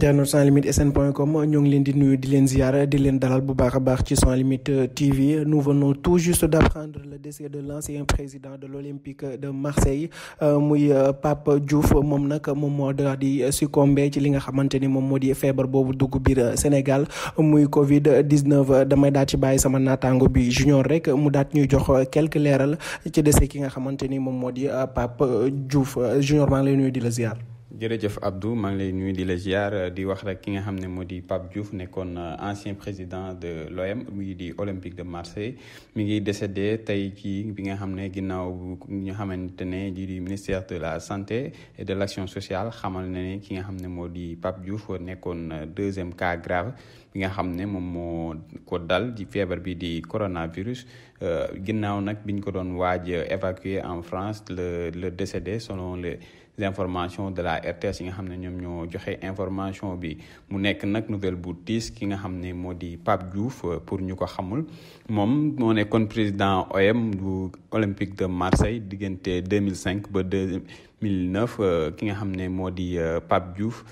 internet sans limite sn point com ñoo leen di nuyu di leen ziyaara di leen dalal bu baax a baax ci sans limite TV nous venons tout juste d'apprendre le décès de l'ancien président de l'Olympique de Marseille euh, muy euh, Pape Diouf moom nag moom moo daal di succombé ci li nga xamante ni moom moo di feebar boobu dugg biir euh, Sénégal muy Covid 19 damay daal ci bàyyi sama naataango bi junior rek mu daat ñuy jox quelques leeral ci décès ki nga xamante ni moom moo di Pape Diouf junior maa ngi nuyu di la ziyaar jërëjëf Abdou maa ngi lay nuyu di la ziar di wax rek ki nga xam ne moo di Pape Diouf nekkoon euh, ancien président de l'OM muy di Olympique de Marseille mi ngi décédé tey ci bi nga xam ne ginnaaw bu xamante ne di di ministère de la santé et de xamal na ne ki nga xam ne moo di Pape Diouf nekkoon euh, deuxième cas grave bi nga xam ne moom moo ko dal di feebar bi di coronavirus euh, ginnaaw nag biñ ko doon waaj évacuer en France le le décédé selon les information de la RTS yi nga xam ne ñoom ñoo joxe information bi mu nekk nag nouvelle bu tiis ki nga xam ne moo di Pape jouf euh, pour ñu ko xamul moom moo nekkoon président OM du Olympique de Marseille diggante 2005 ba 2009 euh, ki nga xam ne moo di euh, Pape Diouf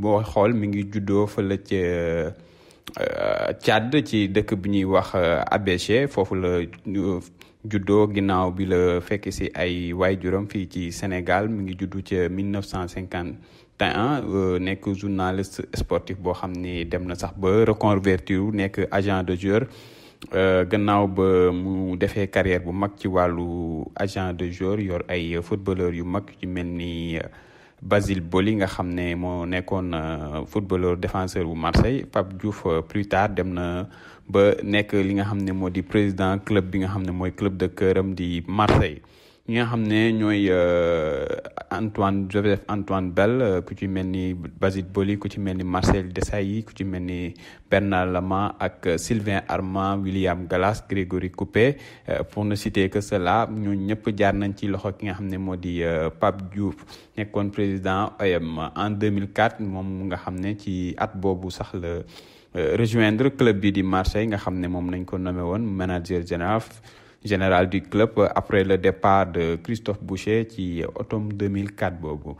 boo xool mi ngi juddoo fa la ca Euh, Tchad ci dëkk bi ñuy wax euh, Abéché foofu la euh, juddoo ginnaaw bi la fekk si ay juróom fii ci Sénégal mi ngi juddu ca 1951 nekk journaliste sportif boo xam ni dem na sax ba reconvertir nekk agent de joueur gannaaw ba mu defee carrière bu mag ci wàllu agent de joueur yor ay footballeur yu mag yu mel nii Basile Boli nga xam ne moo nekkoon euh, footballeur défenseur bu Marseille Pape Diouf euh, plus tard dem na ba nekk li nga xam ne moo di président club bi nga xam ne mooy club de cœuram di Marseille ñi nga xam ne ñooy euh, Antoine Joseph Antoine Bell euh, ku ci mel ni Basile Boli ku ci mel ni Marcel Desailly ku ci mel ni Bernard Lama ak euh, Sylvain Armand William Gallas Grégory Coupé pour ne citer que cela ñoo ñëpp jaar nañ ci loxo ki nga xam ne moo di Pape Diouf nekkoon président OM en mille 2004 moom nga xam ne ci at boobu sax la rejoindre club bi di Marseille nga xam ne moom lañ ko nommé woon manager général général du club euh, après le départ de Christophe Boucher ci automne 2004 boobu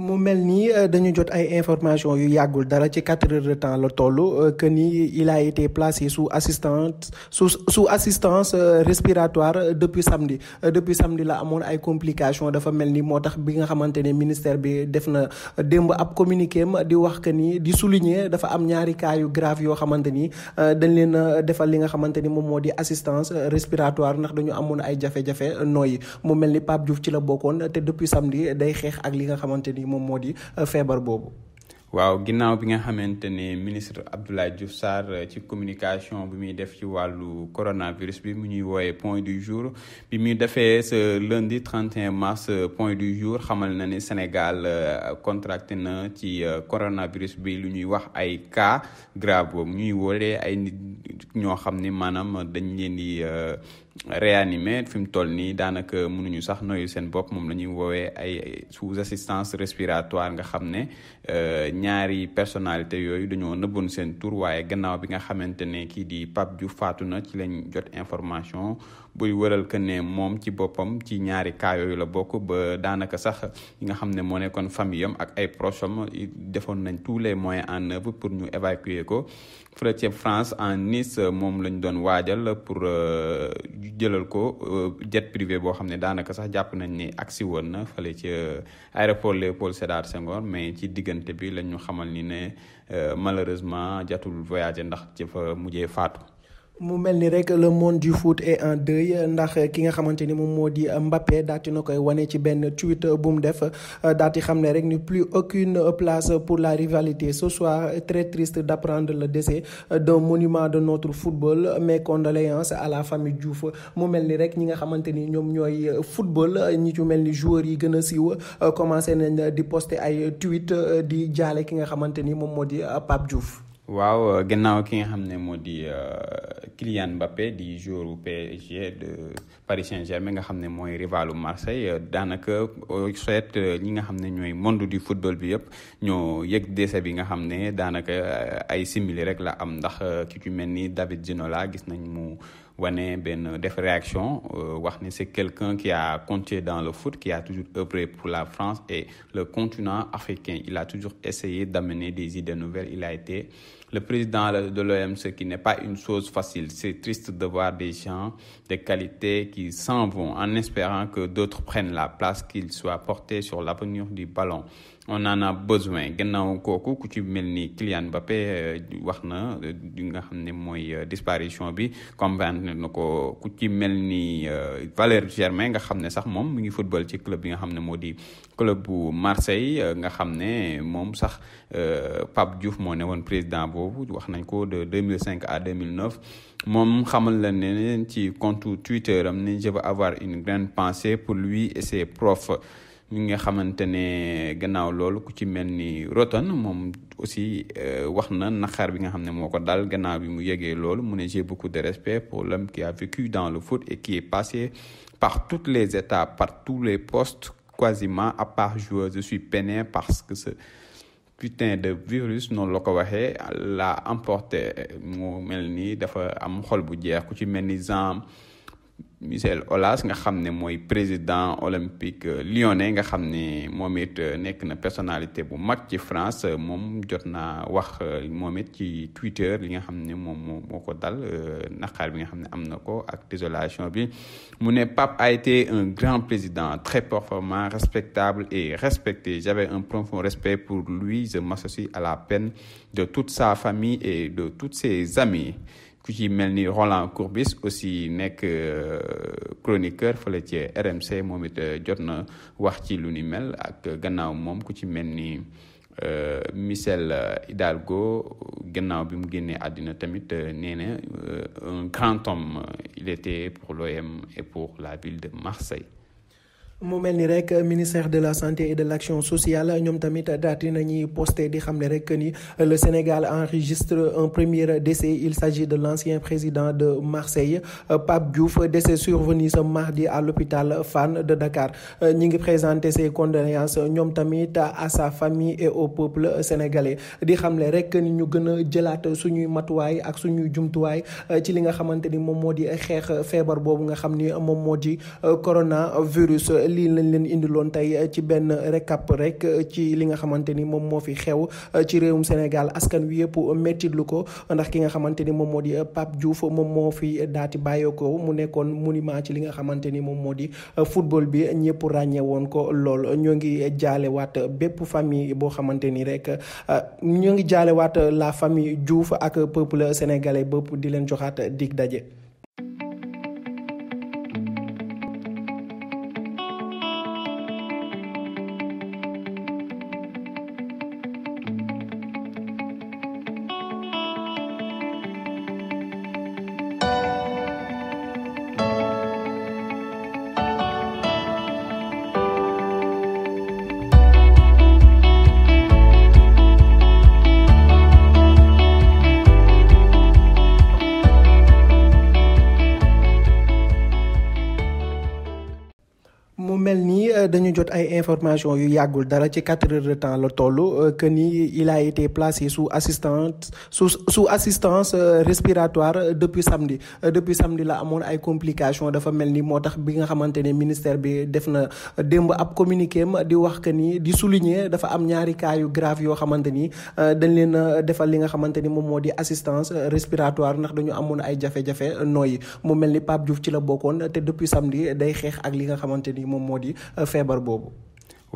mu mel nii euh, dañu jot ay information yu yàggul dara ci quatre heures de temps la toll euh, que ni il a été placé sous assistance sous sous assistance euh, respiratoire depuis samedi depuis samedi la amoon ay complication dafa mel ni moo tax bi nga xamante ne ministère bi def na démb ab communiqué am di wax que ni di souligner dafa am ñaari cas yu grave yoo xamante ni dañ leen defal li nga xamante ni moom moo di assistance respiratoire ndax dañu amoon ay jafe-jafe nooyi mu mel ni Pape Diouf ci la bokkoon te depuis samedi day xeex ak nga xamante moom moo di euh, feebar boobu. waaw ginnaaw bi nga xamante ne ministre Abdoulaye Diouf Sarr euh, ci communication bi muy def ci wàllu coronavirus bi mu ñuy wooye point du jour bi muy defee ce lundi 31 mars euh, point du jour xamal na ni Sénégal contracté na ci coronavirus bi lu ñuy wax ay cas grave mu ñuy woolee ay nit. ñoo xam ni maanaam dañ leen di euh, réanimer fi mu toll nii daanaka mënuñu sax noyu seen bopp moom la ñuy woowee ay sous assistance respiratoire nga xam ne euh, ñaari personnalité yooyu dañoo nëbboon seen tur waaye gannaaw bi nga xamante ne kii di Pape ju faatu na ci lañ jot information buy wëral que ne moom ci boppam ci ñaari cas yooyu la bokk ba daanaka sax nga xam ne moo nekkoon famille am ak ay proches am defoon nañ tous les moyens en œuvre pour ñu évacuer ko Nice euh, moom lañ doon waajal pour euh, jëlal ko euh, jet privé boo xam ne daanaka sax jàpp nañ ni agsi woon na fale ci aéroport Léopold Sédar Senghor mais ci diggante bi lañ ñu xamal ni ne malheureusement jatul voyage ndax ci fa mujjee faatu. mu mel ni rek le monde du foot et en deuil ndax ki nga xamante ni moom moo di Mbappé daati na koy wane ci benn tweet bu mu def daati xam ne rek ni plus aucune place pour la rivalité ce soir très triste d'apprendre le décès d'un monument de notre football mes condoléances à la famille Diouf mu mel ni rek ñi nga xamante ni ñoom ñooy football ñi ci mel ni joueurs yi gën a siiw commencé nañ di poster ay tweet di jaale ki nga xamante ni moom moo di Pape Diouf. waaw euh, gannaaw ki nga xam ne moo di euh, Kylian Mbappé di jour PSG de Paris Saint-Germain nga xam ne mooy rivalu Marseille euh, daanaka soit li nga xam ne ñooy monde di football bi yëpp ñoo yëg décès bi nga xam ne daanaka ay simili rek la am ndax ki ci mel ni David Ginola gis nañ mu. wane benn def réaction euh, wax ni c'est quelqu'un qui a compté dans le foot qui a toujours œuvré pour la France et le continent africain il a toujours essayé d'amener des idées nouvelles il a été le président de l'OM ce qui n'est pas une chose facile c'est triste de voir des gens de qualité qui s'en vont en espérant que d'autres prennent la place qu'ils soient portés sur l'avenir du ballon on en a besoin gannaaw kooku ku ci mel ni Kylian Mbappé euh, wax na euh, nga xam ne mooy euh, disparition bi convaincre na ko ku ci mel ni Valère Germain nga xam ne sax moom mu ngi football ci club bi nga xam ne moo di club bu Marseille nga xam ne moom sax Pape Diouf moo ne woon président boobu wax nañ ko de cinq à mille 2009 moom xamal la ne ne ci compte Twitter am ni je veux avoir une grande pensée pour lui et ses profs. ñi nga xamante ne gannaaw loolu ku ci mel ni Roton moom aussi euh, wax na naqar bi nga xam ne moo ko dal gannaaw bi mu yegee loolu mu ne j'ai beaucoup de respect pour l'homme qui a vécu dans le foot et qui est passé par toutes les étapes par tous les post quasiment à part joueur je suis peiné parce que ce putain de virus noonu la ko waxee la emporté mu mel nii dafa am xol bu jeex ku ci mel ni Jean Michel Aulas nga xam ne mooy président olympique euh, lyonnais nga xam ne moom it euh, nekk na personnalité bu mag ci France euh, moom jot na wax moom it ci Twitter li nga xam ne moom moo ko dal naqar bi nga xam ne am na ko ak désolation bi mu ne Pape a été un grand président très performant respectable et respecté j'avais un profond respect pour lui je m'associe à la peine de toute sa famille et de tous ses amis ku ci mel ni Roland Courbis aussi nekk euh, chroniqueur fële ci RMC moom it euh, jot na wax ci lu ni mel ak gannaaw moom ku ci mel ni euh, Michel Hidalgo gannaaw bi mu génnee àddina tamit nee na un grand homme il était pour l'OM et pour la ville de Marseille mu mel ni rek ministère de la santé et de l' sociale ñoom tamit daati nañuy posté di xam ne rek ni le Sénégal enregistre un premier décès il s'agit de l' ancien président de Marseille Pape Diouf décès survenu ce mardi à l'hôpital Fann de Dakar ñi ngi présenté ses condoléances ñoom tamit à sa famille et au peuple sénégalais di xamle ne rek ni ñu gën a jëlaat suñuy matuwaay ak suñuy jumtuwaay ci li nga xamante ni moom moo di xeex feebar boobu nga xam ni moom moo di coronavirus lii lañ leen indiloon tey eh, ci benn récap rek eh, ci li nga xamante ni moom moo fi xew eh, ci réewum Sénégal askan wi yëpp mettitlu ko ndax ki nga xamante ni moom moo di Pape Diouf moom moo fi daati bàyyee ko mu nekkoon mu monument ci li nga xamante ni moom moo di football bi ñëpp ràññee woon ko lool ñoo ngi jaalewaat bépp famille boo xamante ni rek ñoo ngi jaalewaat la famille Diouf ak peuple sénégalais bépp di leen joxaat dig daje. mu mel nii euh, dañu jot ay information yu yàggul dara ci quatre heures de temps la toll euh, que ni il a été placé sous assistance sous sous assistance euh, respiratoire depuis samedi depuis samedi la amoon ay complication dafa mel ni moo tax bi nga xamante ne ministère bi def na démb ab communiqué am di wax que ni di souligner dafa am ñaari cas yu grave yoo xamante ni dañ leen defal li nga xamante ni moom moo di assistance respiratoire ndax dañu amoon ay jafe-jafe nooyi mu mel ni Pape Diouf ci la bokkoon te depuis samedi day xeex ak li nga xamante moom moo di euh, feebar boobu.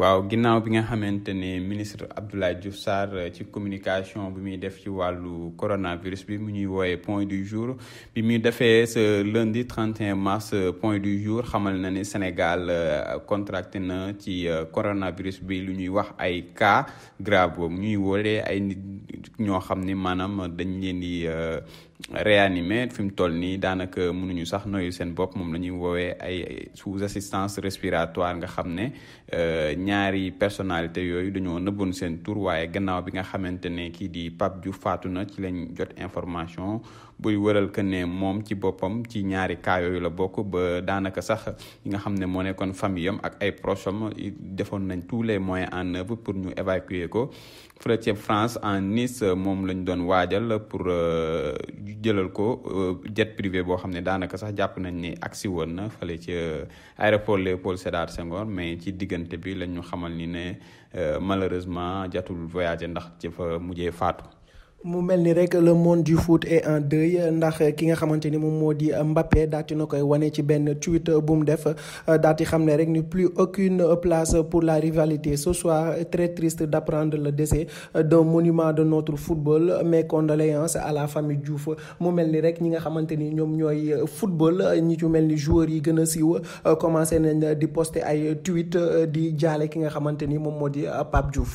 waaw ginnaaw bi nga xamante ne ministre Abdoulaye Diouf Sarr euh, ci communication bi muy def ci wàllu coronavirus bi mu ñuy wooye point du jour bi muy defee ce lundi 31 mars euh, point du jour xamal na ne Sénégal contracté na ci coronavirus bi lu ñuy wax ay cas grave mu ñuy woolee ay nit ñoo xam ne maanaam dañ leen di réanimé fi mu toll nii daanaka mënuñu sax noyu seen bopp moom la ñuy woowee ay sous assistance respiratoire nga xam ne euh, ñaari personnalité yooyu dañoo nëbboon seen tur waaye gannaaw bi nga xamante ne kii di Pape ju faatu na ci lañ jot information buy wëral que ne moom ci boppam ci ñaari cas yooyu la bokk ba daanaka sax yi nga xam ne moo nekkoon famille am ak ay proches am defoon nañ tous les moyens en œuvre pour ñu évacuer ko fële ca France en Nice euh, moom lañ doon waajal pour euh, jëlal ko euh, jet privé boo xam ne daanaka sax jàpp nañ ni agsi woon na fële ca aéroport Léopold Sédar Senghor mais ci diggante bi lañ ñu xamal ni ne malheureusement jatul voyagé ndax ci fa mujjee faatu. mu mel ni rek le monde du foot et en deuil ndax ki nga xamante ni moom moo di Mbappé daati na koy wane ci benn tweet bu mu def daati xam ne rek ni plus aucune place pour la rivalité ce soir très triste d'apprendre le décès d'un monument de notre football mes condoléances à la famille Diouf mu mel ni rek ñi nga xamante ni ñoom ñooy football ñi ci mel ni joueurs yi gën a siiw commencé nañ di poster ay tweet di jaale ki nga xamante ni moom moo di Pape Diouf.